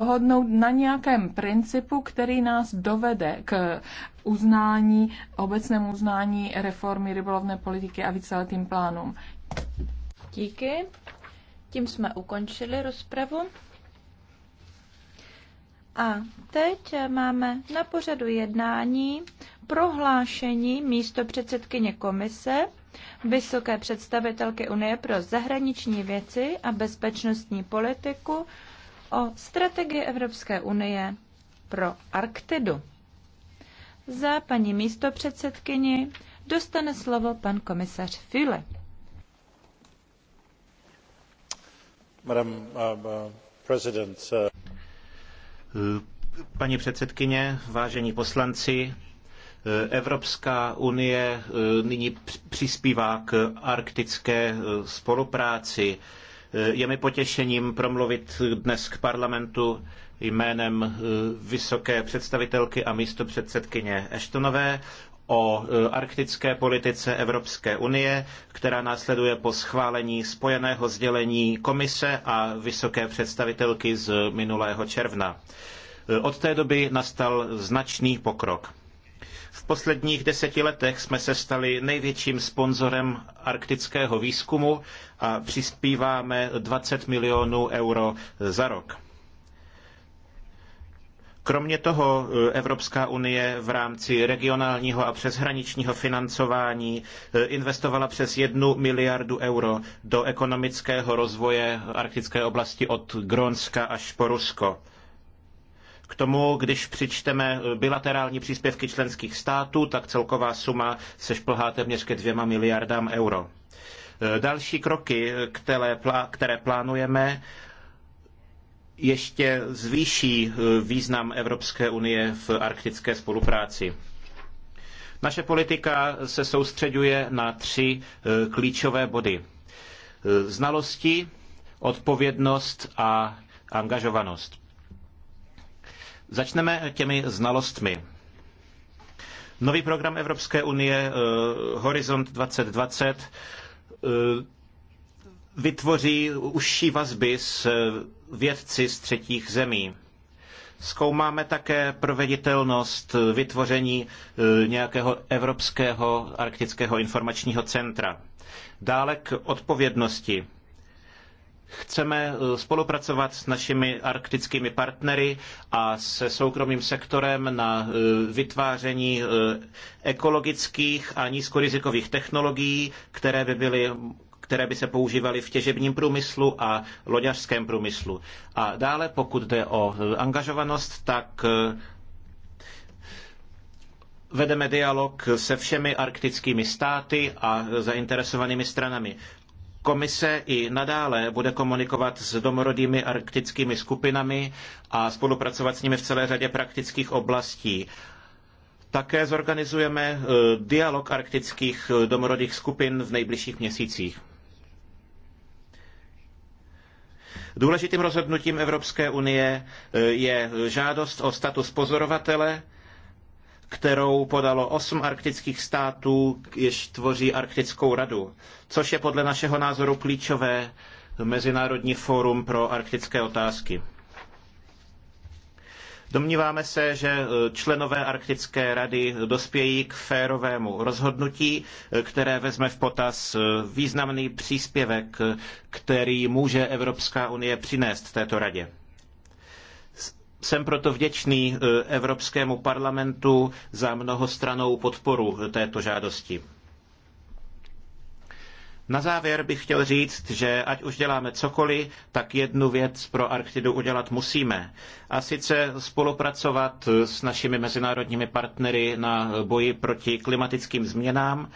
dohodnout na nějakém principu, který nás dovede k uznání, obecnému uznání reformy rybolovné politiky a víceletým plánům. Díky. Tím jsme ukončili rozpravu. A teď máme na pořadu jednání prohlášení místo předsedkyně komise vysoké představitelky Unie pro zahraniční věci a bezpečnostní politiku o strategii Evropské unie pro Arktidu. Za paní místopředsedkyni dostane slovo pan komisař File. Uh, uh, uh, paní předsedkyně, vážení poslanci, Evropská unie nyní přispívá k arktické spolupráci. Eh, je mi potěšením promluvit dnes k parlamentu jménem eh, vysoké představitelky a místopředsedkyně Ashtonové o eh, arktické politice Evropské unie, která následuje po schválení spojeného sdělení komise a vysoké představitelky z minulého června. Od té doby nastal značný pokrok. V posledních deseti letech jsme se stali největším sponzorem arktického výzkumu a přispíváme 20 milionů euro za rok. Kromě toho Evropská unie v rámci regionálního a přeshraničního financování eh, investovala přes jednu miliardu euro do ekonomického rozvoje arktické oblasti od Grónska až po Rusko. K tomu, když přičteme bilaterální příspěvky členských států, tak celková suma se šplhá téměř ke dvěma miliardám euro. E, další kroky, které, které plánujeme, ještě zvýší e, význam Evropské unie v arktické spolupráci. Naše politika se soustřeďuje na tři e, klíčové body. Znalosti, odpovědnost a angažovanost. Začneme těmi znalostmi. Nový program Evropské unie eh, Horizont 2020 eh, vytvoří užší vazby s eh, vědci z třetích zemí. Zkoumáme také proveditelnost vytvoření nějakého evropského arktického informačního centra. Dále k odpovědnosti. Chceme eh, spolupracovat s našimi arktickými partnery a se soukromým sektorem na eh, vytváření eh, ekologických a nízkorizikových technologií, které by byly které by se používaly v těžebním průmyslu a loďařském průmyslu. A dále, pokud jde o angažovanost, tak vedeme dialog se všemi arktickými státy a zainteresovanými stranami. Komise i nadále bude komunikovat s domorodými arktickými skupinami a spolupracovat s nimi v celé řadě praktických oblastí. Také zorganizujeme eh, dialog arktických eh, domorodých skupin v nejbližších měsících. Důležitým rozhodnutím Evropské unie eh, je žádost o status pozorovatele kterou podalo osm arktických států, jež tvoří Arktickou radu, což je podle našeho názoru klíčové Mezinárodní fórum pro arktické otázky. Domníváme se, že e, členové Arktické rady dospějí k férovému rozhodnutí, e, které vezme v potaz e, významný příspěvek, který může Evropská unie přinést této radě. Jsem proto vděčný eh, Evropskému parlamentu za mnohostranou podporu eh, této žádosti. Na závěr bych chtěl říct, že ať už děláme cokoliv, tak jednu věc pro Arktidu udělat musíme. A sice spolupracovat eh, s našimi mezinárodními partnery na boji proti klimatickým změnám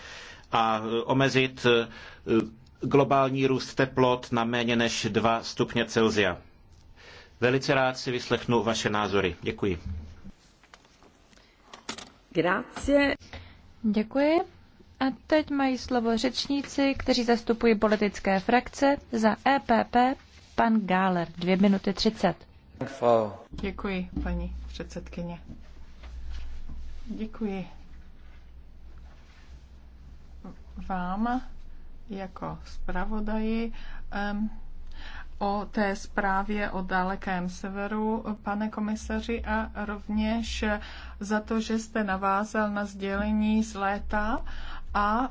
a omezit globální růst teplot na méně než 2 stupně Celsia. Velice rád si vyslechnu vaše názory. Děkuji. Grazie. Děkuji. A teď mají slovo řečníci, kteří zastupují politické frakce. Za EPP pan Gáler, Dvě minuty třicet. Děkuji, paní předsedkyně. Děkuji vám jako zpravodaji. Um, o té zprávě o dalekém severu, pane komisaři, a rovněž za to, že jste navázal na sdělení z léta a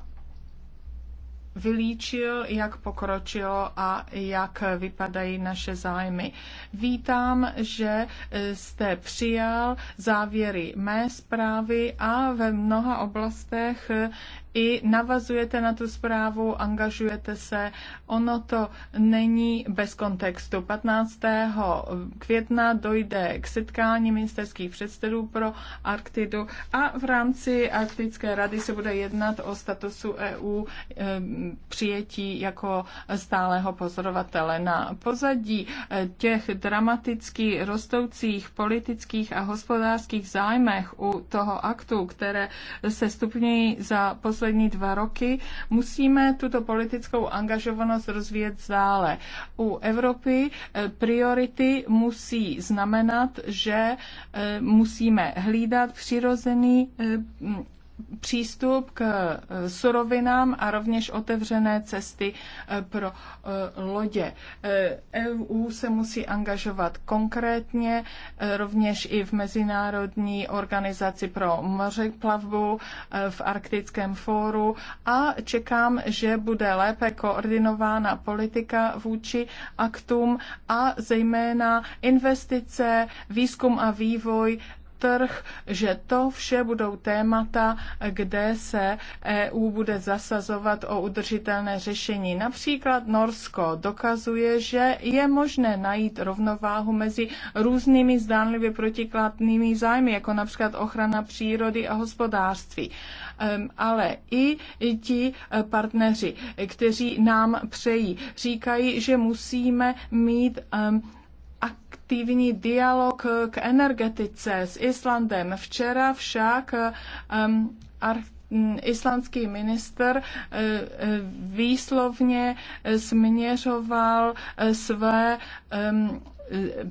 vylíčil, jak pokročilo a jak vypadají naše zájmy. Vítám, že jste přijal závěry mé zprávy a ve mnoha oblastech i navazujete na tu zprávu, angažujete se. Ono to není bez kontextu. 15. května dojde k setkání ministerských předsedů pro Arktidu a v rámci Arktické rady se bude jednat o statusu EU přijetí jako stáleho pozorovatele. Na pozadí eh, těch dramaticky rostoucích politických a hospodářských zájmech u toho aktu, které se stupňují za poslední poslední dva roky, musíme tuto politickou angažovanost rozvíjet dále. U Evropy eh, priority musí znamenat, že eh, musíme hlídat přirozený eh, přístup k eh, surovinám a rovněž otevřené cesty eh, pro eh, lodě. EU e se musí angažovat konkrétně, rovněž i v Mezinárodní organizaci pro mořeplavbu v Arktickém fóru a čekám, že bude lépe koordinována politika vůči aktům a zejména investice, výzkum a vývoj trh, že to vše budou témata, kde se EU bude zasazovat o udržitelné řešení. Například Norsko dokazuje, že je možné najít rovnováhu mezi různými zdánlivě protikladnými zájmy, jako například ochrana přírody a hospodářství. Ehm, ale i ti partneři, kteří nám přejí, říkají, že musíme mít ehm, aktivní dialog k energetice s Islandem. Včera však um, islandský minister eh, eh, výslovně směřoval eh, své um,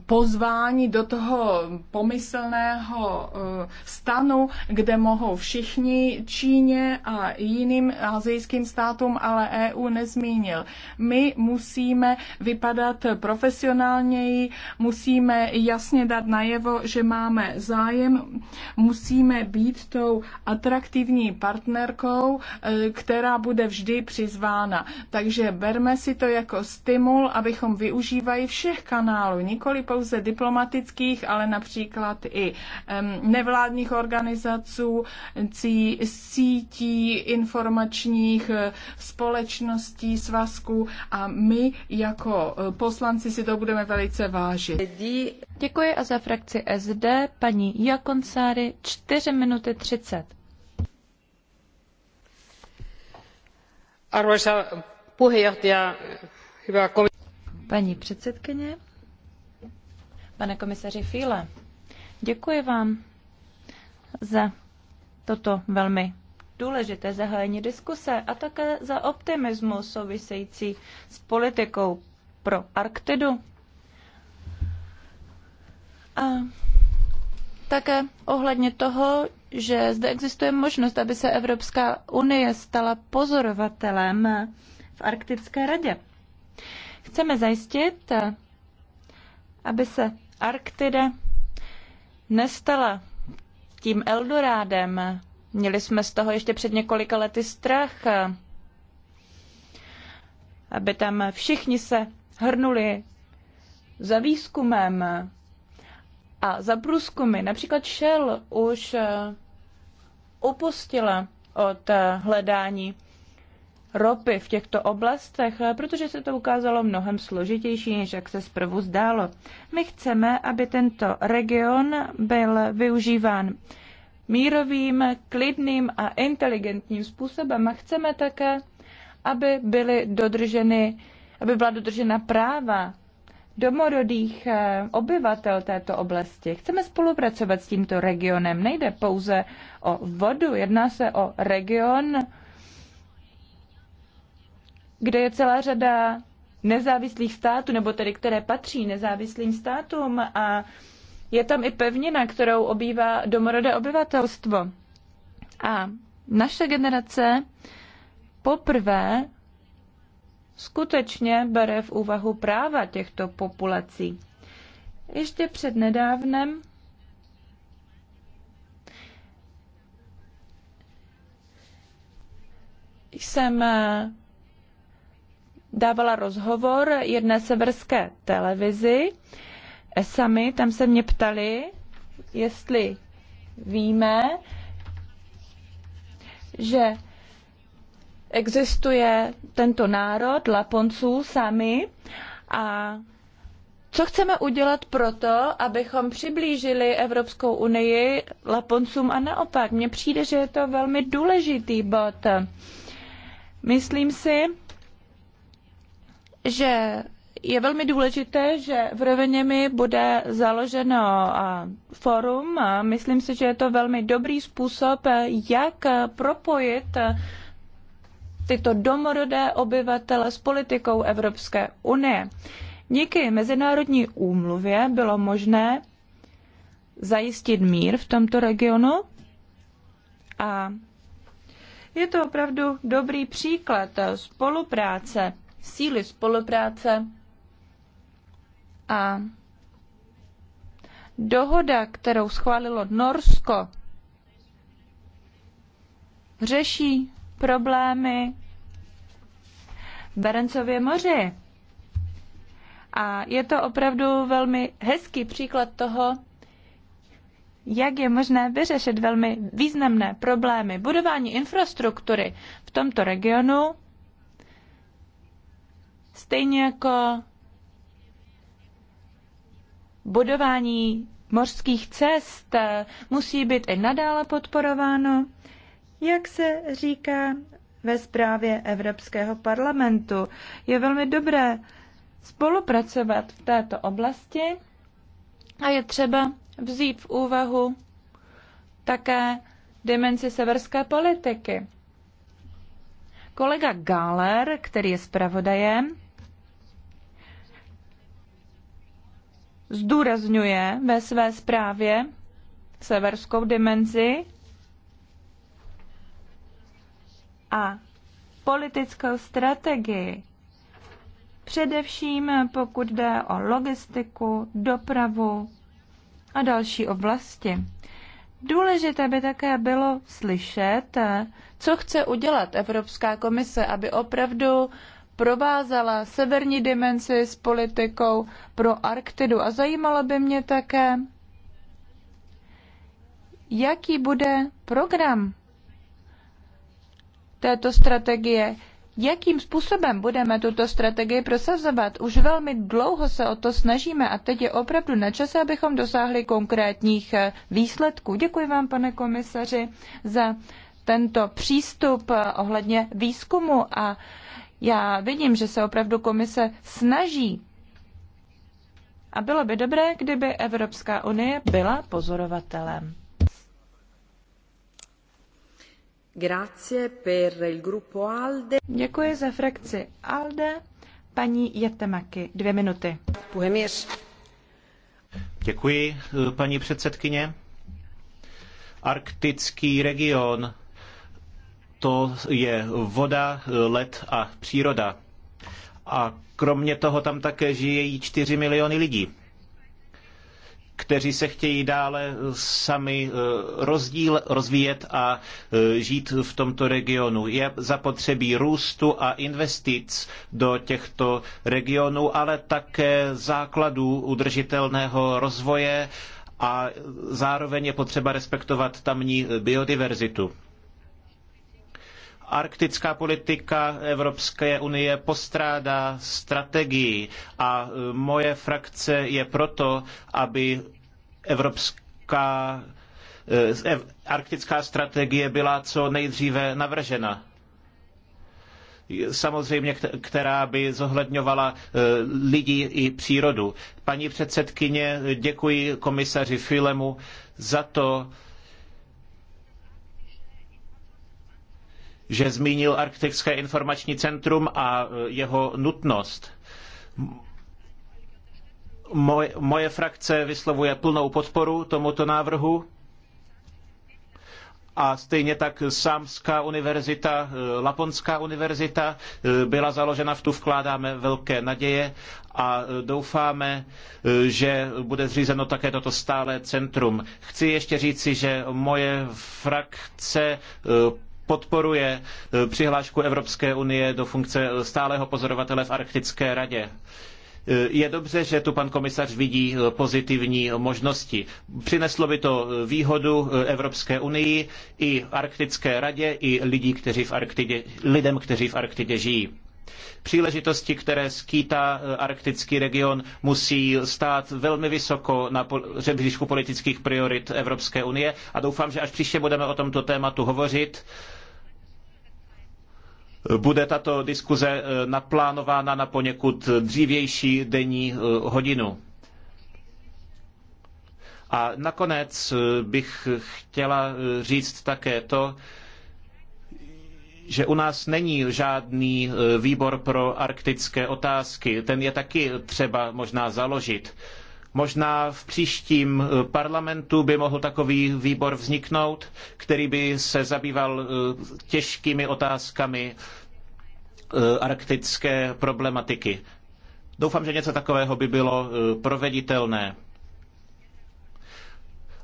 pozvání do toho pomyslného eh, stanu, kde mohou všichni Číně a jiným azijským státům, ale EU nezmínil. My musíme vypadat profesionálněji, musíme jasně dát najevo, že máme zájem, musíme být tou atraktivní partnerkou, eh, která bude vždy přizvána. Takže berme si to jako stimul, abychom využívali všech kanálů, nikoli pouze diplomatických, ale například i nevládních organizací, sítí informačních eh, společností, svazků a my jako eh, poslanci si to budeme velice vážit. Děkuji a za frakci SD paní Jakonsáry 4 minuty 30. Arvoisa puheenjohtaja, hyvä komi- Paní předsedkyně, pane komisaři Fíle. Děkuji vám za toto velmi důležité zahájení diskuse a také za optimismus související s politikou pro Arktidu. A také ohledně toho, že zde existuje možnost, aby se Evropská unie stala pozorovatelem v Arktické radě. Chceme zajistit, aby se Arktida nestala tím Eldorádem. Měli jsme z toho ještě před několika lety strach, aby tam všichni se hrnuli za výzkumem a za průzkumy. Například Shell už upustila od hledání ropy v těchto oblastech, protože se to ukázalo mnohem složitější, než jak se zprvu zdálo. My chceme, aby tento region byl využíván mírovým, klidným a inteligentním způsobem a chceme také, aby byly dodrženy, aby byla dodržena práva domorodých eh, obyvatel této oblasti. Chceme spolupracovat s tímto regionem. Nejde pouze o vodu, jedná se o region, kde je celá řada nezávislých států, nebo tedy které patří nezávislým státům a je tam i pevnina, kterou obývá domorodé obyvatelstvo. A naše generace poprvé skutečně bere v úvahu práva těchto populací. Ještě před nedávnem jsem dávala rozhovor jedné severské televizi. Eh, sami tam se mě ptali, jestli víme, že existuje tento národ Laponců sami a co chceme udělat proto, abychom přiblížili Evropskou unii Laponcům a naopak? Mně přijde, že je to velmi důležitý bod. Myslím si, že je velmi důležité, že v Roveněmi bude založeno forum. Myslím si, že je to velmi dobrý způsob, jak propojit tyto domorodé obyvatele s politikou Evropské unie. Díky mezinárodní úmluvě bylo možné zajistit mír v tomto regionu a je to opravdu dobrý příklad spolupráce síly spolupráce a dohoda, kterou schválilo Norsko, řeší problémy v Berencově moři. A je to opravdu velmi hezký příklad toho, jak je možné vyřešit velmi významné problémy budování infrastruktury v tomto regionu Stejně jako budování mořských cest musí být i nadále podporováno, jak se říká ve zprávě Evropského parlamentu. Je velmi dobré spolupracovat v této oblasti a je třeba vzít v úvahu také dimenzi severské politiky. Kolega Gáler, který je zpravodajem, zdůrazňuje ve své zprávě severskou dimenzi a politickou strategii, především pokud jde o logistiku, dopravu a další oblasti. Důležité by také bylo slyšet, co chce udělat Evropská komise, aby opravdu provázala severní dimenzi s politikou pro Arktidu. A zajímalo by mě také, jaký bude program této strategie, jakým způsobem budeme tuto strategii prosazovat. Už velmi dlouho se o to snažíme a teď je opravdu na čase, abychom dosáhli konkrétních eh, výsledků. Děkuji vám, pane komisaři, za tento přístup eh, ohledně výzkumu a já vidím, že se opravdu komise snaží. A bylo by dobré, kdyby Evropská unie byla pozorovatelem. Grazie per il gruppo ALDE. Děkuji za frakci ALDE. Paní Jetemaky, dvě minuty. Děkuji, paní předsedkyně. Arktický region to je voda, led a příroda. A kromě toho tam také žijí 4 miliony lidí, kteří se chtějí dále sami eh, rozdíl, rozvíjet a eh, žít v tomto regionu. Je zapotřebí růstu a investic do těchto regionů, ale také základů udržitelného rozvoje a zároveň je potřeba respektovat tamní biodiverzitu arktická politika Evropské unie postrádá strategii a e, moje frakce je proto, aby evropská e, arktická strategie byla co nejdříve navržena samozřejmě, která by zohledňovala e, lidi i přírodu. Paní předsedkyně, děkuji komisaři Filemu za to, že zmínil Arktické informační centrum a eh, jeho nutnost. Moje, moje frakce vyslovuje plnou podporu tomuto návrhu a stejně tak Sámská univerzita, eh, Laponská univerzita eh, byla založena, v tu vkládáme velké naděje a doufáme, že bude zřízeno také toto stále centrum. Chci ještě říci, že moje frakce podporuje eh, přihlášku Evropské unie do funkce eh, stálého pozorovatele v Arktické radě. Eh, je dobře, že tu pan komisař vidí pozitivní možnosti. Přineslo by to výhodu Evropské unii i Arktické radě, i lidí, kteří v Arktidě, lidem, kteří v Arktidě žijí. Příležitosti, které skýtá arktický region, musí stát velmi vysoko na žebříčku politických priorit Evropské unie a doufám, že až příště budeme o tomto tématu hovořit, bude tato diskuze eh, naplánována na poněkud dřívější denní eh, hodinu. A nakonec eh, bych chtěla říct také to, že u nás není žádný výbor pro arktické otázky. Ten je taky třeba možná založit. Možná v příštím eh, parlamentu by mohl takový výbor vzniknout, který by se zabýval eh, těžkými otázkami eh, arktické problematiky. Doufám, že něco takového by bylo proveditelné.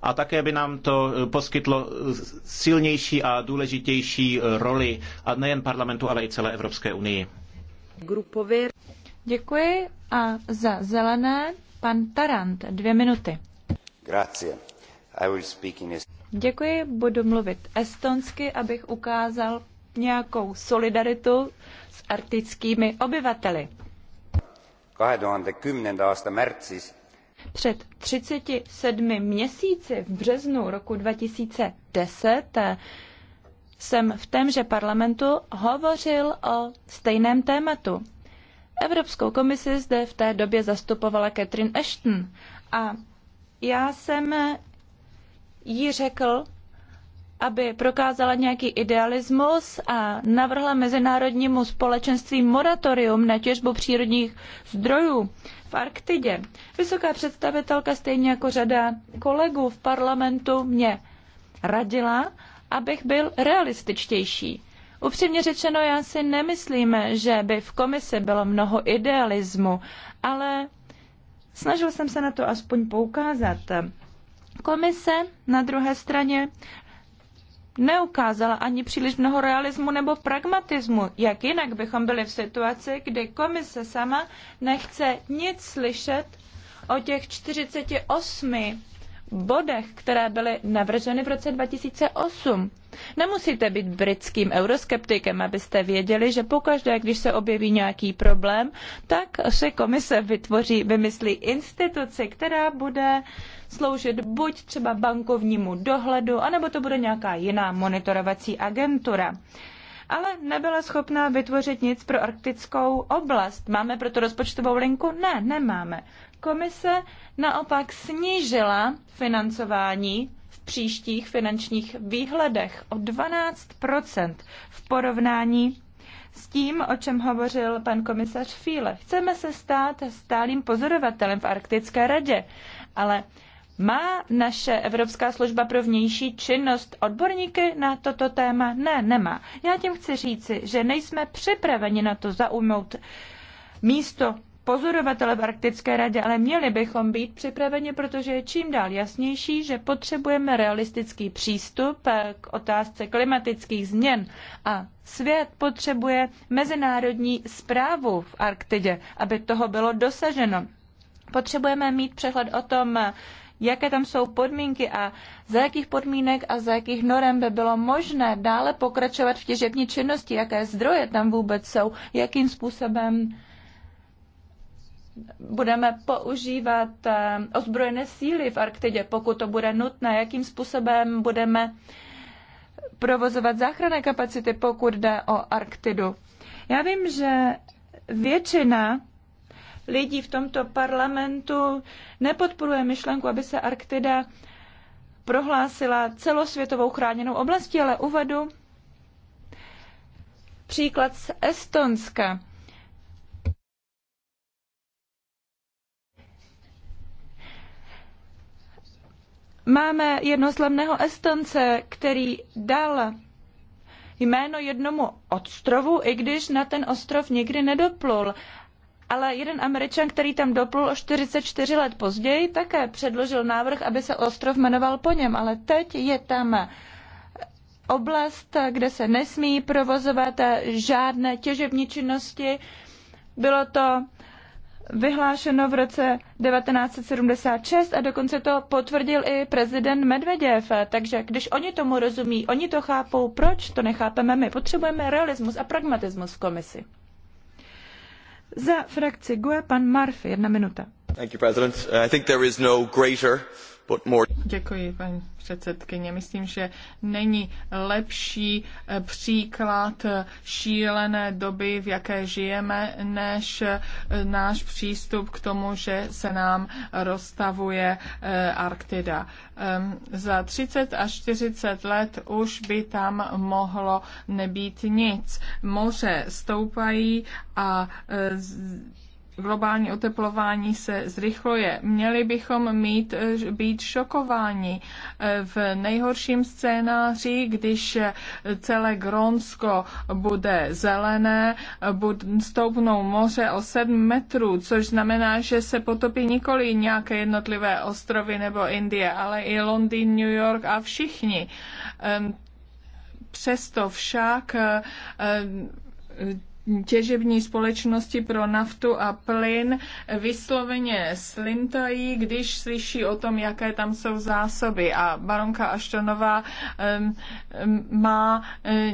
A také by nám to poskytlo silnější a důležitější roli, a nejen parlamentu, ale i celé Evropské unii. Grupově. Děkuji a za zelené Pan Tarant, dvě minuty. Děkuji, budu mluvit estonsky, abych ukázal nějakou solidaritu s arktickými obyvateli. 2010. aasta märtsis před 37 měsíci v březnu roku 2010 eh, jsem v témže parlamentu hovořil o stejném tématu. Evropskou komisi zde v té době zastupovala Catherine Ashton a já jsem jí řekl, aby prokázala nějaký idealismus a navrhla mezinárodnímu společenství moratorium na těžbu přírodních zdrojů v Arktidě. Vysoká představitelka, stejně jako řada kolegů v parlamentu, mě radila, abych byl realističtější. Upřímně řečeno, já si nemyslím, že by v komisi bylo mnoho idealismu, ale snažil jsem se na to aspoň poukázat. Komise na druhé straně neukázala ani příliš mnoho realismu nebo pragmatismu. Jak jinak bychom byli v situaci, kdy komise sama nechce nic slyšet o těch 48 bodech, které byly navrženy v roce 2008. Nemusíte být britským euroskeptikem, abyste věděli, že pokaždé, když se objeví nějaký problém, tak se komise vytvoří, vymyslí instituci, která bude sloužit buď třeba bankovnímu dohledu, anebo to bude nějaká jiná monitorovací agentura ale nebyla schopná vytvořit nic pro arktickou oblast. Máme proto rozpočtovou linku? Ne, nemáme komise naopak snížila financování v příštích finančních výhledech o 12 v porovnání s tím, o čem hovořil pan komisař Fíle. Chceme se stát stálým pozorovatelem v Arktické radě, ale má naše Evropská služba pro vnější činnost odborníky na toto téma? Ne, nemá. Já tím chci říci, že nejsme připraveni na to zaujmout místo pozorovatele v Arktické radě, ale měli bychom být připraveni, protože je čím dál jasnější, že potřebujeme realistický přístup eh, k otázce klimatických změn a svět potřebuje mezinárodní zprávu v Arktidě, aby toho bylo dosaženo. Potřebujeme mít přehled o tom, eh, jaké tam jsou podmínky a za jakých podmínek a za jakých norem by bylo možné dále pokračovat v těžební činnosti, jaké zdroje tam vůbec jsou, jakým způsobem budeme používat eh, ozbrojené síly v Arktidě, pokud to bude nutné, jakým způsobem budeme provozovat záchranné kapacity, pokud jde o Arktidu. Já vím, že většina lidí v tomto parlamentu nepodporuje myšlenku, aby se Arktida prohlásila celosvětovou chráněnou oblastí, ale uvedu příklad z Estonska. Máme jednoslavného Estonce, který dal jméno jednomu ostrovu, i když na ten ostrov nikdy nedoplul. Ale jeden američan, který tam doplul o 44 let později, také předložil návrh, aby se ostrov jmenoval po něm. Ale teď je tam oblast, kde se nesmí provozovat žádné těžební činnosti. Bylo to vyhlášeno v roce 1976 a dokonce to potvrdil i prezident Medveděv. Takže když oni tomu rozumí, oni to chápou, proč to nechápeme my? Potřebujeme realismus a pragmatismus v komisi. Za frakci GUE pan Murphy, jedna minuta. Thank you, President. Uh, I think there is no greater Děkuji, paní předsedkyně. Myslím, že není lepší eh, příklad eh, šílené doby, v jaké žijeme, než eh, náš přístup k tomu, že se nám rozstavuje Arktida. Ehm, za 30 až 40 let už by tam mohlo nebýt nic. Moře stoupají a globální oteplování se zrychluje. Měli bychom mít, eh, být šokováni eh, v nejhorším scénáři, když eh, celé Grónsko bude zelené, stoupnou moře o 7 metrů, což znamená, že se potopí nikoli nějaké jednotlivé ostrovy nebo Indie, ale i Londýn, New York a všichni. Ehm, přesto však těžební společnosti pro naftu a plyn vysloveně slintají, když slyší o tom, jaké tam jsou zásoby. A baronka Aštonová um, um, má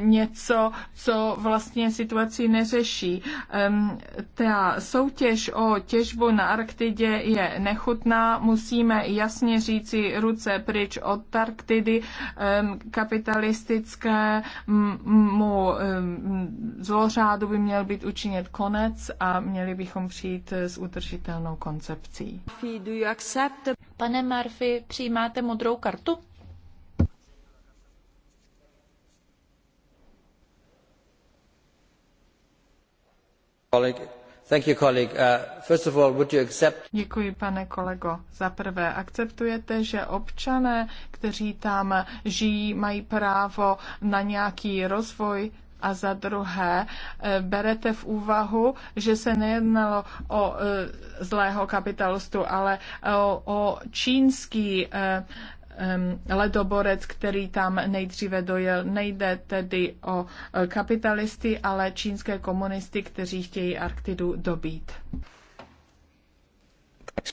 um, něco, co vlastně situaci neřeší. Um, ta soutěž o těžbu na Arktidě je nechutná. Musíme jasně říci ruce pryč od Arktidy um, kapitalistickému um, zlořádu by měl být učinět konec a měli bychom přijít s udržitelnou koncepcí. Pane Murphy, přijímáte modrou kartu? Uh, Děkuji, pane kolego. Za prvé, akceptujete, že občané, kteří tam žijí, mají právo na nějaký rozvoj? A za druhé, eh, berete v úvahu, že se nejednalo o eh, zlého kapitalistu, ale o, o čínský eh, ledoborec, který tam nejdříve dojel. Nejde tedy o kapitalisty, ale čínské komunisty, kteří chtějí Arktidu dobít.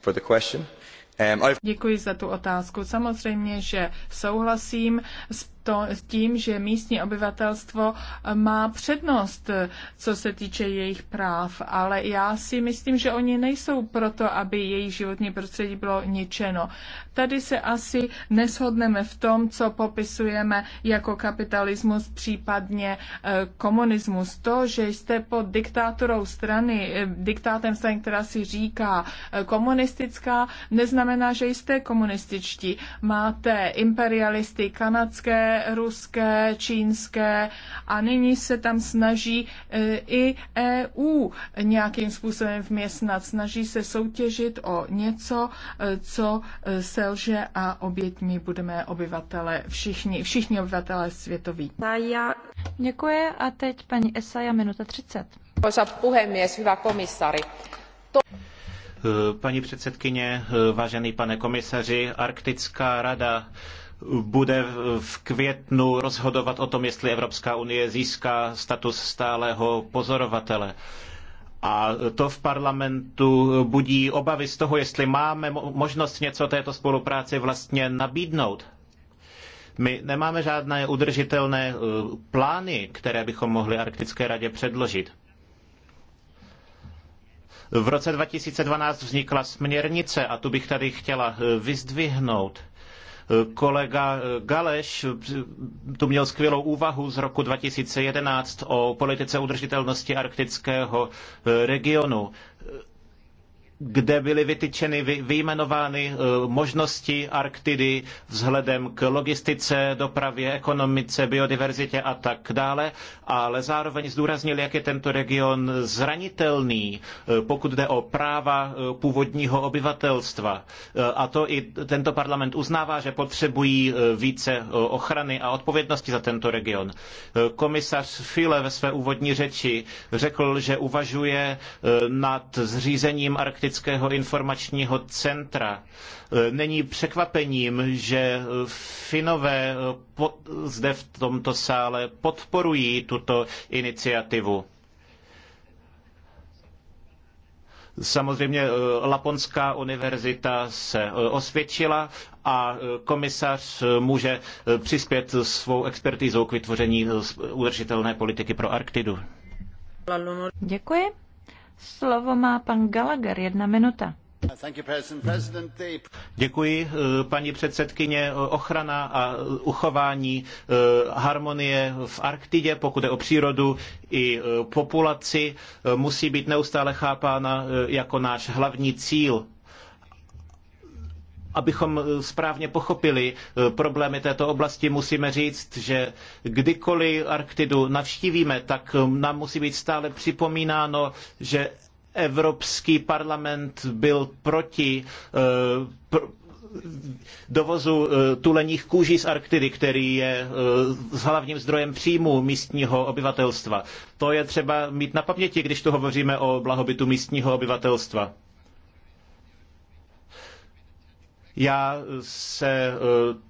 Um, Děkuji za tu otázku. Samozřejmě, že souhlasím s to s tím, že místní obyvatelstvo eh, má přednost, eh, co se týče jejich práv, ale já si myslím, že oni nejsou proto, aby jejich životní prostředí bylo ničeno. Tady se asi neshodneme v tom, co popisujeme jako kapitalismus, případně eh, komunismus. To, že jste pod diktátorou strany, diktátem strany, která si říká komunistická, neznamená, že jste komunističtí. Máte imperialisty kanadské, ruské, čínské a nyní se tam snaží e, i EU nějakým způsobem vměstnat. Snaží se soutěžit o něco, e, co e, selže a obětmi budeme obyvatele všichni, všichni obyvatele světoví. Děkuji a teď paní Esaja minuta 30. Arvoisa puhemies, hyvä komissaari. Paní předsedkyně, vážený pane komisaři, Arktická rada bude v květnu rozhodovat o tom, jestli Evropská unie získá status stálého pozorovatele. A to v parlamentu budí obavy z toho, jestli máme možnost něco této spolupráci vlastně nabídnout. My nemáme žádné udržitelné eh, plány, které bychom mohli Arktické radě předložit. V roce 2012 vznikla směrnice a tu bych tady chtěla eh, vyzdvihnout Kolega Galeš tu měl skvělou úvahu z roku 2011 o politice udržitelnosti arktického regionu kde byly vytyčeny, vyjmenovány eh, možnosti Arktidy vzhledem k logistice, dopravě, ekonomice, biodiverzitě a tak dále, ale zároveň zdůraznili, jak je tento region zranitelný, eh, pokud jde o práva eh, původního obyvatelstva. A to i tento parlament uznává, že potřebují více ochrany a odpovědnosti za tento region. Komisař File ve své úvodní řeči řekl, že uvažuje nad zřízením Arktidy Statistického informačního centra. Není překvapením, že Finové zde v tomto sále podporují tuto iniciativu. Samozřejmě eh, Laponská univerzita se eh, osvědčila a eh, komisař může přispět svou expertizou k vytvoření udržitelné politiky pro Arktidu. Děkuji. Slovo má pan Gallagher, jedna minuta. Děkuji, eh, paní předsedkyně. Eh, ochrana a uchování eh, harmonie v Arktidě, pokud je o přírodu i populaci, musí být neustále chápána jako náš hlavní cíl abychom eh, správně pochopili eh, problémy této oblasti, musíme říct, že kdykoliv Arktidu navštívíme, tak eh, nám musí být stále připomínáno, že Evropský parlament byl proti dovozu tuleních kůží z Arktidy, který je hlavním zdrojem příjmu místního obyvatelstva. To je třeba mít na paměti, když tu hovoříme o blahobytu místního obyvatelstva. Já se eh,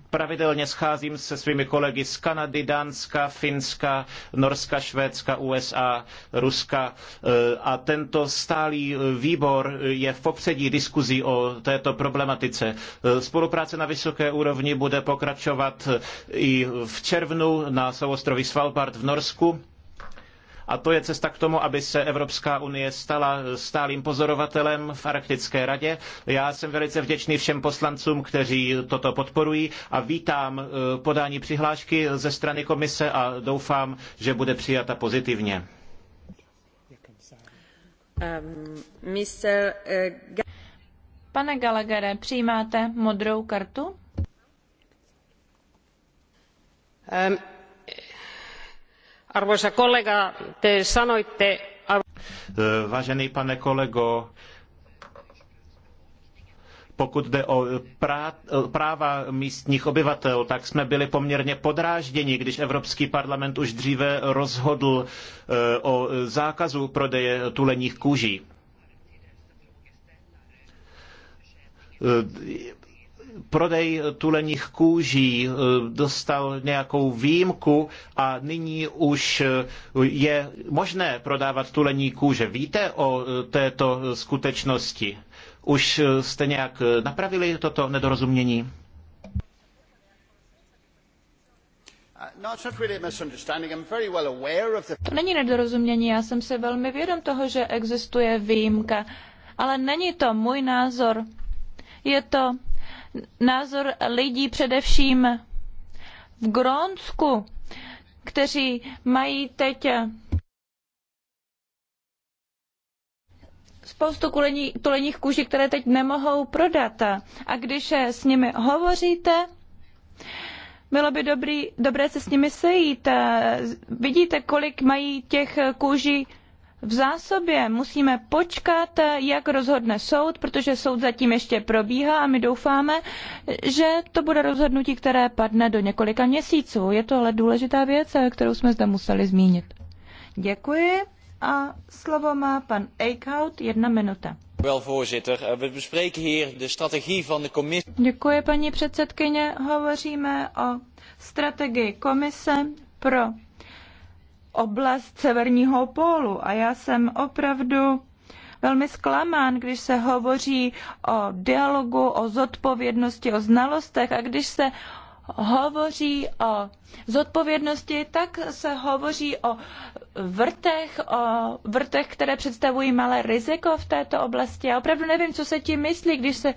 pravidelně scházím se svými kolegy z Kanady, Dánska, Finska, Norska, Švédska, USA, Ruska eh, a tento stálý eh, výbor je v popředí diskuzí o této problematice. Spolupráce na vysoké úrovni bude pokračovat i v červnu na souostroví Svalbard v Norsku a to je cesta k tomu, aby se Evropská unie stala stálým pozorovatelem v Arktické radě. Já jsem velice vděčný všem poslancům, kteří toto podporují a vítám eh, podání přihlášky ze strany komise a doufám, že bude přijata pozitivně. Um, eh, Pane Gallaghera, přijímáte modrou kartu? Um. Eh, vážený pane kolego, pokud jde o eh, eh, práva místních obyvatel, tak jsme byli poměrně podrážděni, když Evropský parlament už dříve rozhodl o zákazu prodeje tuleních kůží prodej tuleních kůží eh, dostal nějakou výjimku a nyní už eh, je možné prodávat tulení kůže. Víte o eh, této skutečnosti? Už jste nějak napravili toto nedorozumění? Uh, no, to není nedorozumění, já jsem si velmi vědom toho, že existuje výjimka, ale není to můj názor. Je to názor lidí především v Grónsku, kteří mají teď spoustu kulení, tuleních kůží, které teď nemohou prodat. A když s nimi hovoříte, bylo by dobrý, dobré se s nimi sejít. Vidíte, kolik mají těch kůží v zásobě. Musíme počkat, jak rozhodne soud, protože soud zatím ještě probíhá a my doufáme, že to bude rozhodnutí, které padne do několika měsíců. Je to ale důležitá věc, kterou jsme zde museli zmínit. Děkuji a slovo má pan Eickhout, jedna minuta. Eh, Děkuji, paní předsedkyně. Hovoříme o strategii komise pro oblast severního pólu a já jsem opravdu velmi zklamán, když se hovoří o dialogu, o zodpovědnosti, o znalostech a když se hovoří o zodpovědnosti, tak se hovoří o vrtech, o vrtech, které představují malé riziko v této oblasti. Já opravdu nevím, co se tím myslí, když se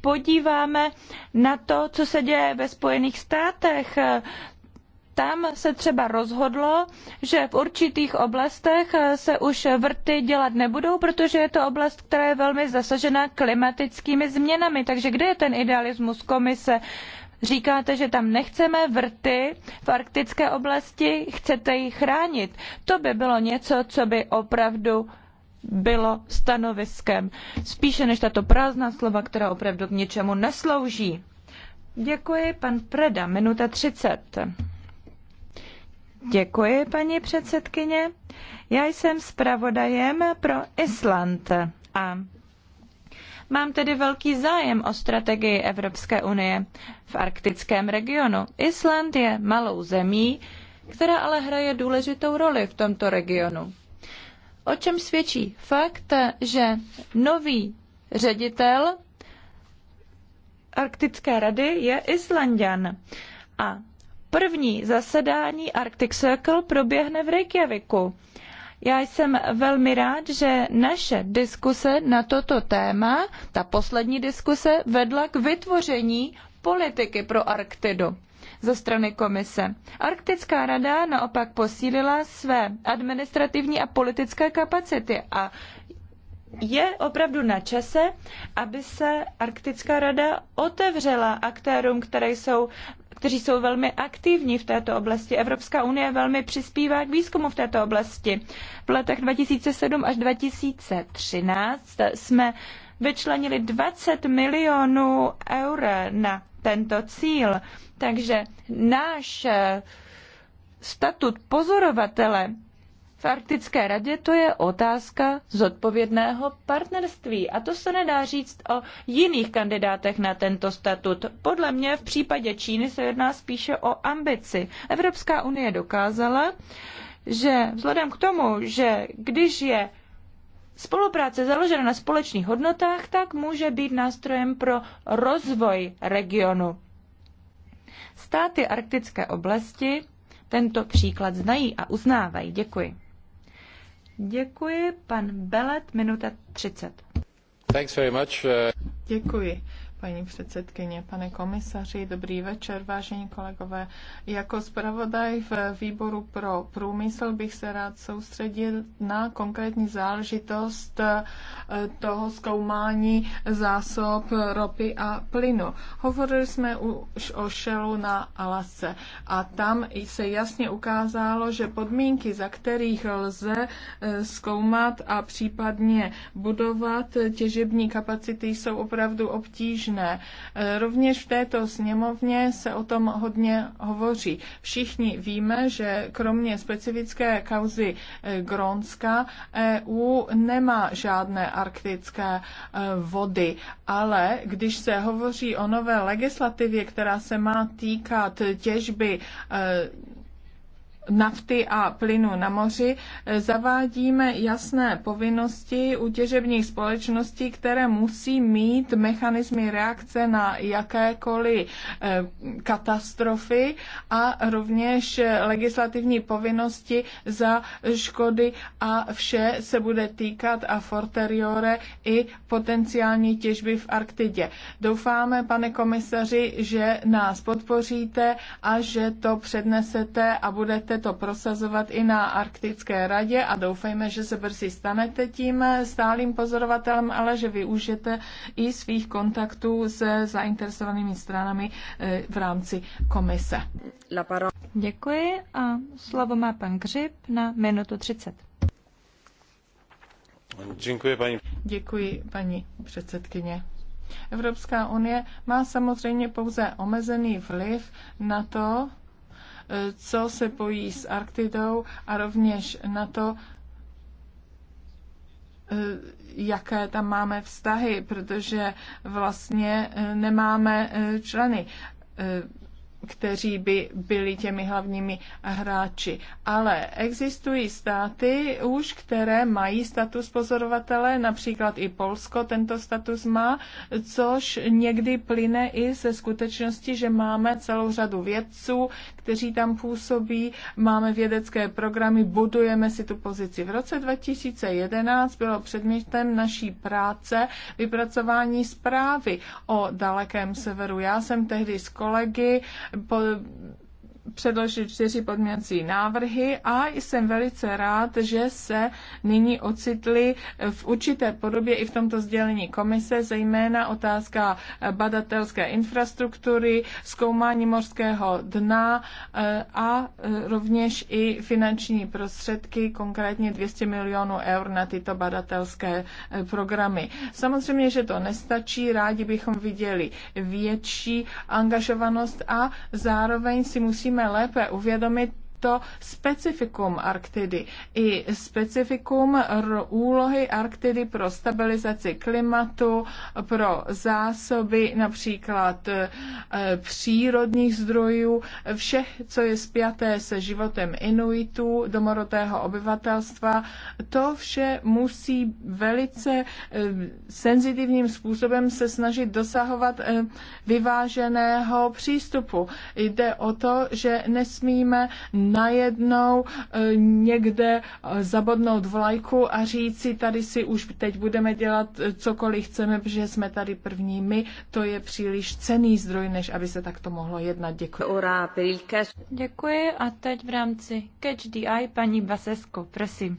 podíváme na to, co se děje ve Spojených státech tam se třeba rozhodlo, že v určitých oblastech se už vrty dělat nebudou, protože je to oblast, která je velmi zasažena klimatickými změnami. Takže kde je ten idealismus komise? Říkáte, že tam nechceme vrty v arktické oblasti, chcete ji chránit. To by bylo něco, co by opravdu bylo stanoviskem. Spíše než tato prázdná slova, která opravdu k ničemu neslouží. Děkuji, pan Preda, minuta 30. Děkuji, paní předsedkyně. Já jsem zpravodajem pro Island a Mám tedy velký zájem o strategii Evropské unie v arktickém regionu. Island je malou zemí, která ale hraje důležitou roli v tomto regionu. O čem svědčí fakt, že nový ředitel Arktické rady je Islandian. A První zasedání Arctic Circle proběhne v Reykjaviku. Já jsem velmi rád, že naše diskuse na toto téma, ta poslední diskuse, vedla k vytvoření politiky pro Arktidu ze strany komise. Arktická rada naopak posílila své administrativní a politické kapacity a je opravdu na čase, aby se Arktická rada otevřela aktérům, které jsou kteří jsou velmi aktivní v této oblasti. Evropská unie velmi přispívá k výzkumu v této oblasti. V letech 2007 až 2013 jsme vyčlenili 20 milionů eur na tento cíl. Takže náš eh, statut pozorovatele v Arktické radě, to je otázka zodpovědného partnerství. A to se nedá říct o jiných kandidátech na tento statut. Podle mě v případě Číny se jedná spíše o ambici. Evropská unie dokázala, že vzhledem k tomu, že když je Spolupráce založena na společných hodnotách tak může být nástrojem pro rozvoj regionu. Státy arktické oblasti tento příklad znají a uznávají. Děkuji. Děkuji, pan Belet, minuta 30. Thanks very much. Uh, Děkuji paní předsedkyně, pane komisaři, dobrý večer, vážení kolegové. Jako zpravodaj v výboru pro průmysl bych se rád soustředil na konkrétní záležitost eh, toho zkoumání zásob ropy a plynu. Hovorili jsme už o šelu na Alase a tam se jasně ukázalo, že podmínky, za kterých lze eh, zkoumat a případně budovat těžební kapacity, jsou opravdu obtížné možné. Eh, rovněž v této sněmovně se o tom hodně hovoří. Všichni víme, že kromě specifické kauzy eh, Grónska EU nemá žádné arktické eh, vody, ale když se hovoří o nové legislativě, která se má týkat těžby nafty a plynu na moři, eh, zavádíme jasné povinnosti u těžebních společností, které musí mít mechanismy reakce na jakékoliv eh, katastrofy a rovněž eh, legislativní povinnosti za škody a vše se bude týkat a forteriore i potenciální těžby v Arktidě. Doufáme, pane komisaři, že nás podpoříte a že to přednesete a budete budete to prosazovat i na Arktické radě a doufejme, že se brzy stanete tím stálým pozorovatelem, ale že využijete i svých kontaktů se zainteresovanými stranami eh, v rámci komise. Děkuji a slovo má pan Křip na minutu 30. Děkuji, paní. Děkuji, paní předsedkyně. Evropská unie má samozřejmě pouze omezený vliv na to, co se pojí s Arktidou a rovněž na to, eh, jaké tam máme vztahy, protože vlastně eh, nemáme eh, členy kteří by byli těmi hlavními hráči. Ale existují státy už, které mají status pozorovatele, například i Polsko tento status má, což někdy plyne i ze skutečnosti, že máme celou řadu vědců, kteří tam působí, máme vědecké programy, budujeme si tu pozici. V roce 2011 bylo předmětem naší práce vypracování zprávy o dalekém severu. Já jsem tehdy s kolegy po, předložit čtyři podměnací návrhy a jsem velice rád, že se nyní ocitli v určité podobě i v tomto sdělení komise, zejména otázka badatelské infrastruktury, zkoumání mořského dna eh, a eh, rovněž i finanční prostředky, konkrétně 200 milionů eur na tyto badatelské eh, programy. Samozřejmě, že to nestačí, rádi bychom viděli větší angažovanost a zároveň si musíme musíme lépe uvědomit, to specifikum Arktidy i specifikum úlohy Arktidy pro stabilizaci klimatu, pro zásoby například e, přírodních zdrojů, vše, co je spjaté se životem Inuitů, domorodého obyvatelstva, to vše musí velice e, senzitivním způsobem se snažit dosahovat e, vyváženého přístupu. Jde o to, že nesmíme najednou e, někde e, zabodnout vlajku a říci, tady si už teď budeme dělat e, cokoliv chceme, protože jsme tady první my, to je příliš cený zdroj, než aby se takto mohlo jednat. Děkuji. Děkuji a teď v rámci Catch the Eye paní Basesko, prosím.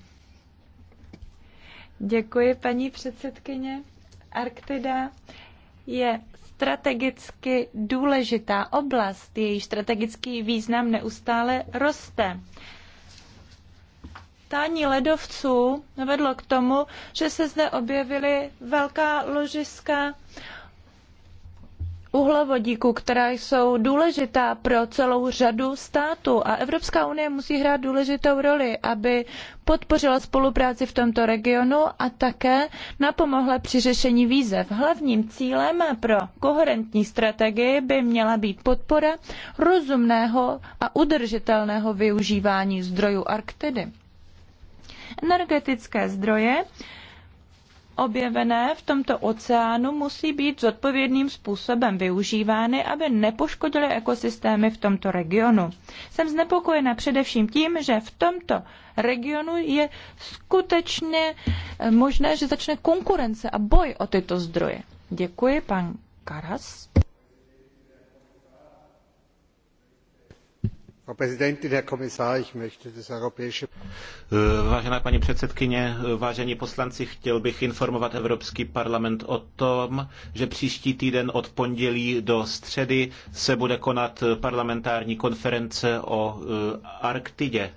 Děkuji, paní předsedkyně. Arktida je strategicky důležitá oblast, její strategický význam neustále roste. Tání ledovců vedlo k tomu, že se zde objevily velká ložiska uhlovodíků, která jsou důležitá pro celou řadu států. A Evropská unie musí hrát důležitou roli, aby podpořila spolupráci v tomto regionu a také napomohla při řešení výzev. Hlavním cílem pro koherentní strategii by měla být podpora rozumného a udržitelného využívání zdrojů Arktidy. Energetické zdroje objevené v tomto oceánu musí být zodpovědným způsobem využívány, aby nepoškodily ekosystémy v tomto regionu. Jsem znepokojena především tím, že v tomto regionu je skutečně eh, možné, že začne konkurence a boj o tyto zdroje. Děkuji, pan Karas. Eh, vážená paní předsedkyně, eh, vážení poslanci, chtěl bych informovat Evropský parlament o tom, že příští týden od pondělí do středy se bude konat eh, parlamentární konference o Arktidě.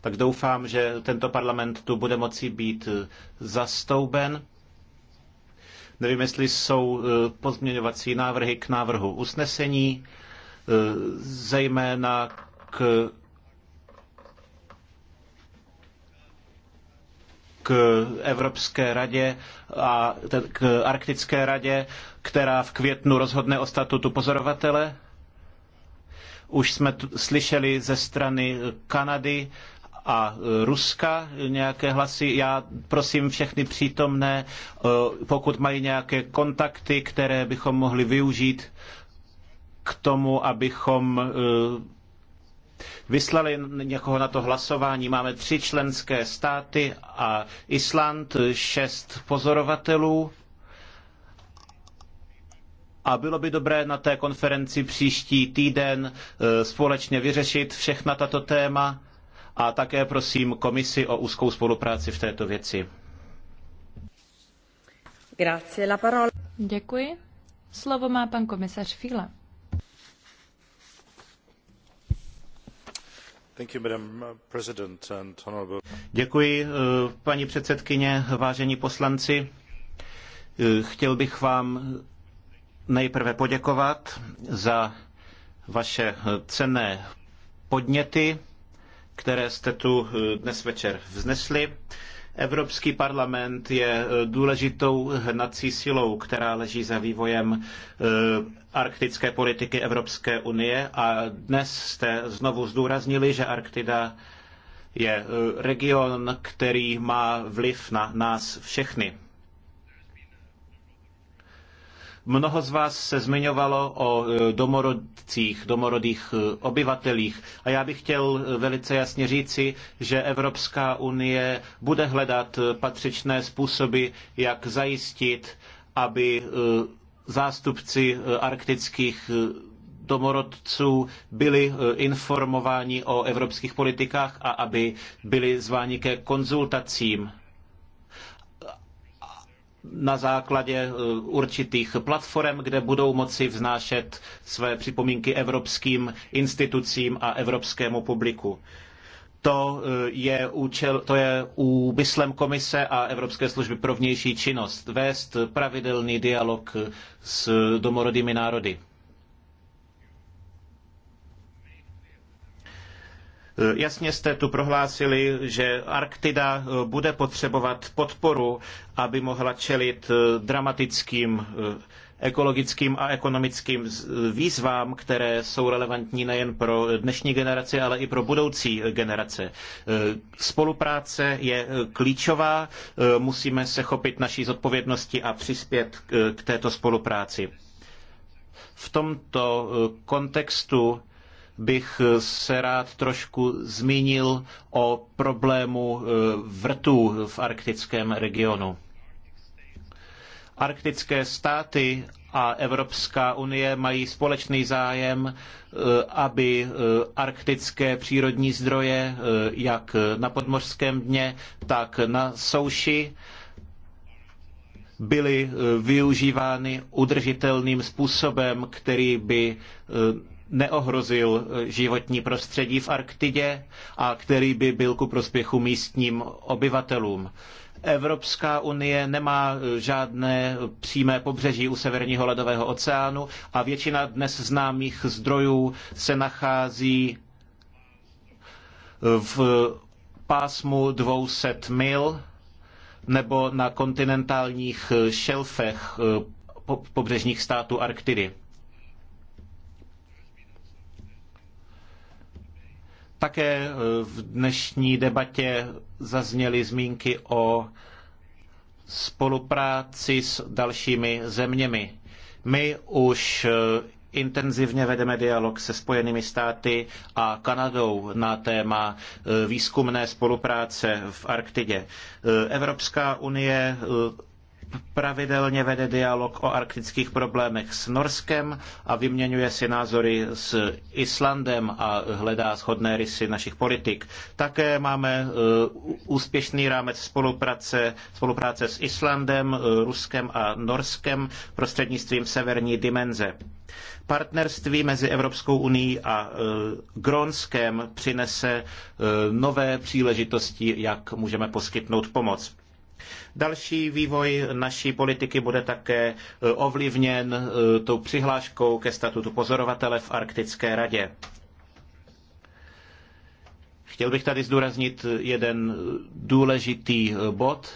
Tak doufám, že tento parlament tu bude moci být zastoupen. Nevím, jestli jsou pozměňovací návrhy k návrhu usnesení zejména k k Evropské radě a k Arktické radě, která v květnu rozhodne o statutu pozorovatele. Už jsme slyšeli ze strany Kanady a Ruska nějaké hlasy. Já prosím všechny přítomné, eh, pokud mají nějaké kontakty, které bychom mohli využít, k tomu, abychom e, vyslali někoho na to hlasování. Máme tři členské státy a Island, šest pozorovatelů. A bylo by dobré na té konferenci příští týden e, společně vyřešit všechna tato téma a také prosím komisi o úzkou spolupráci v této věci. Děkuji. Slovo má pan komisař Fila. Děkuji, eh, paní předsedkyně, vážení poslanci. Eh, chtěl bych vám nejprve poděkovat za vaše cenné podněty, které jste tu eh, dnes večer vznesli. Evropský parlament je eh, důležitou hnací silou, která leží za vývojem eh, arktické politiky Evropské unie a dnes jste znovu zdůraznili, že Arktida je eh, region, který má vliv na nás všechny. Mnoho z vás se zmiňovalo o e, domorodcích, domorodých e, obyvatelích a já bych chtěl e, velice jasně říci, že Evropská unie bude hledat patřičné způsoby, jak zajistit, aby zástupci arktických domorodců byli informováni o evropských politikách a aby byli zváni ke konzultacím na základě eh, určitých platform, kde budou moci vznášet své připomínky evropským institucím a evropskému publiku. To eh, je, účel, to je úmyslem komise a Evropské služby pro vnější činnost vést pravidelný dialog s domorodými národy. Jasně jste tu prohlásili, že Arktida eh, bude potřebovat podporu, aby mohla čelit eh, dramatickým eh, ekologickým a ekonomickým výzvám, které jsou relevantní nejen pro dnešní generaci, ale i pro budoucí generace. Spolupráce je klíčová, musíme se chopit naší zodpovědnosti a přispět k této spolupráci. V tomto kontextu bych eh, se rád trošku zmínil o problému eh, vrtů v arktickém regionu. Arktické státy a Evropská unie mají společný zájem, eh, aby arktické přírodní zdroje, jak na podmořském dně, tak na souši, byly využívány udržitelným způsobem, který by neohrozil eh, životní prostředí v Arktidě a který by byl ku prospěchu místním obyvatelům. Evropská unie nemá eh, žádné přímé pobřeží u Severního ledového oceánu a většina dnes známých zdrojů se nachází eh, v pásmu 200 mil nebo na kontinentálních šelfech pobřežních států Arktidy. Také e, v dnešní debatě zazněly zmínky o spolupráci s dalšími zeměmi. My už e, intenzivně vedeme dialog se Spojenými státy a Kanadou na téma e, výzkumné spolupráce v Arktidě. Evropská unie pravidelně vede dialog o arktických problémech s Norskem a vyměňuje si názory s Islandem a hledá shodné rysy našich politik. Také máme eh, úspěšný rámec spolupráce, spolupráce s Islandem, eh, Ruskem a Norskem prostřednictvím severní dimenze. Partnerství mezi Evropskou unií a eh, Grónskem přinese nové příležitosti, jak můžeme poskytnout pomoc. Další vývoj naší politiky bude také e, ovlivněn e, tou přihláškou ke statutu pozorovatele v Arktické radě. Chtěl bych tady zdůraznit jeden důležitý e, bod.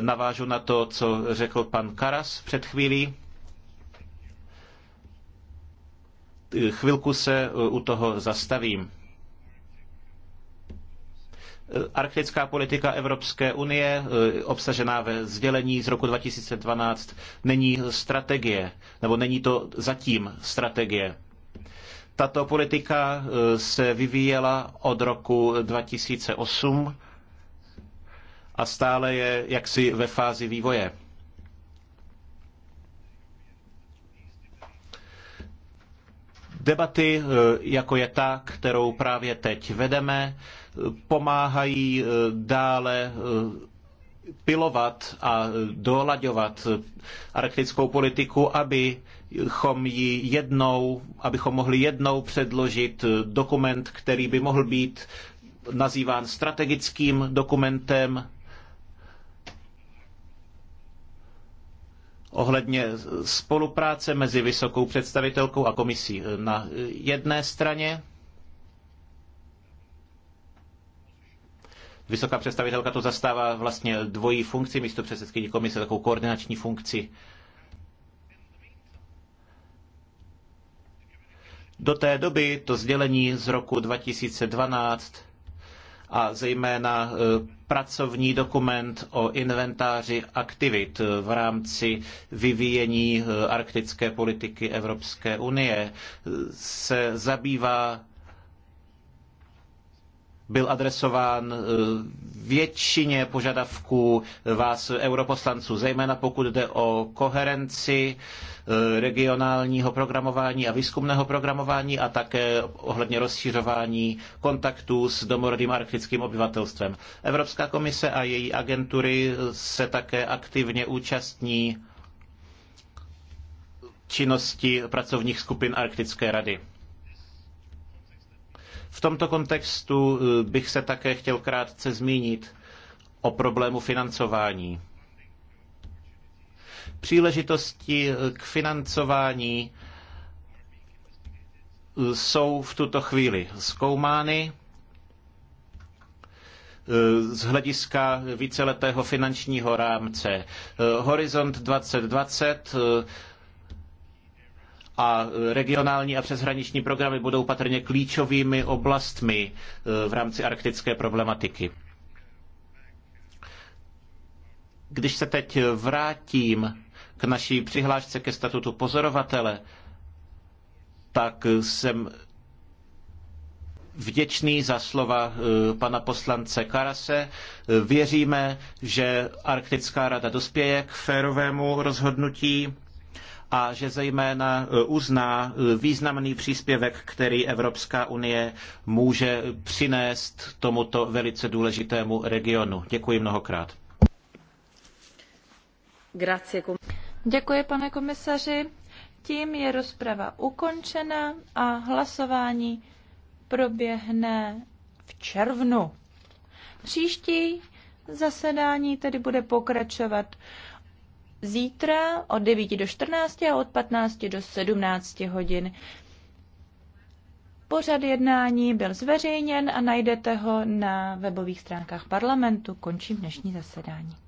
Navážu na to, co řekl pan Karas před chvílí. Chvilku se u toho zastavím. Arktická politika Evropské unie, eh, obsažená ve sdělení z roku 2012, není strategie, nebo není to zatím strategie. Tato politika eh, se vyvíjela od roku 2008 a stále je jaksi ve fázi vývoje. Debaty, eh, jako je ta, kterou právě teď vedeme, pomáhají eh, dále eh, pilovat a eh, dolaďovat arktickou politiku, abychom ji jednou, abychom mohli jednou předložit dokument, který by mohl být nazýván strategickým dokumentem ohledně spolupráce mezi vysokou představitelkou a komisí na jedné straně Vysoká představitelka to zastává vlastně dvojí funkci místo předsedkyní komise, takovou koordinační funkci. Do té doby to sdělení z roku 2012 a zejména e, pracovní dokument o inventáři aktivit v rámci vyvíjení e, arktické politiky Evropské unie e, se zabývá byl adresován eh, většině požadavků vás europoslanců, zejména pokud jde o koherenci eh, regionálního programování a výzkumného programování a také ohledně rozšířování kontaktů s domorodým arktickým obyvatelstvem. Evropská komise a její agentury eh, se také aktivně účastní činnosti pracovních skupin Arktické rady. V tomto kontextu eh, bych se také chtěl krátce zmínit o problému financování. Příležitosti eh, k financování eh, jsou v tuto chvíli zkoumány z hlediska víceletého finančního rámce. Horizont 2020 a regionální a přeshraniční programy budou patrně klíčovými oblastmi e, v rámci arktické problematiky. Když se teď vrátím k naší přihlášce ke statutu pozorovatele, tak jsem vděčný za slova e, pana poslance Karase. E, věříme, že Arktická rada dospěje k férovému rozhodnutí a že zejména e, uzná e, významný příspěvek, který Evropská unie může přinést tomuto velice důležitému regionu. Děkuji mnohokrát. Děkuji, pane komisaři. Tím je rozprava ukončena a hlasování proběhne v červnu. Příští zasedání tedy bude pokračovat zítra od 9 do 14 a od 15 do 17 hodin. Pořad jednání byl zveřejněn a najdete ho na webových stránkách parlamentu. Končím dnešní zasedání.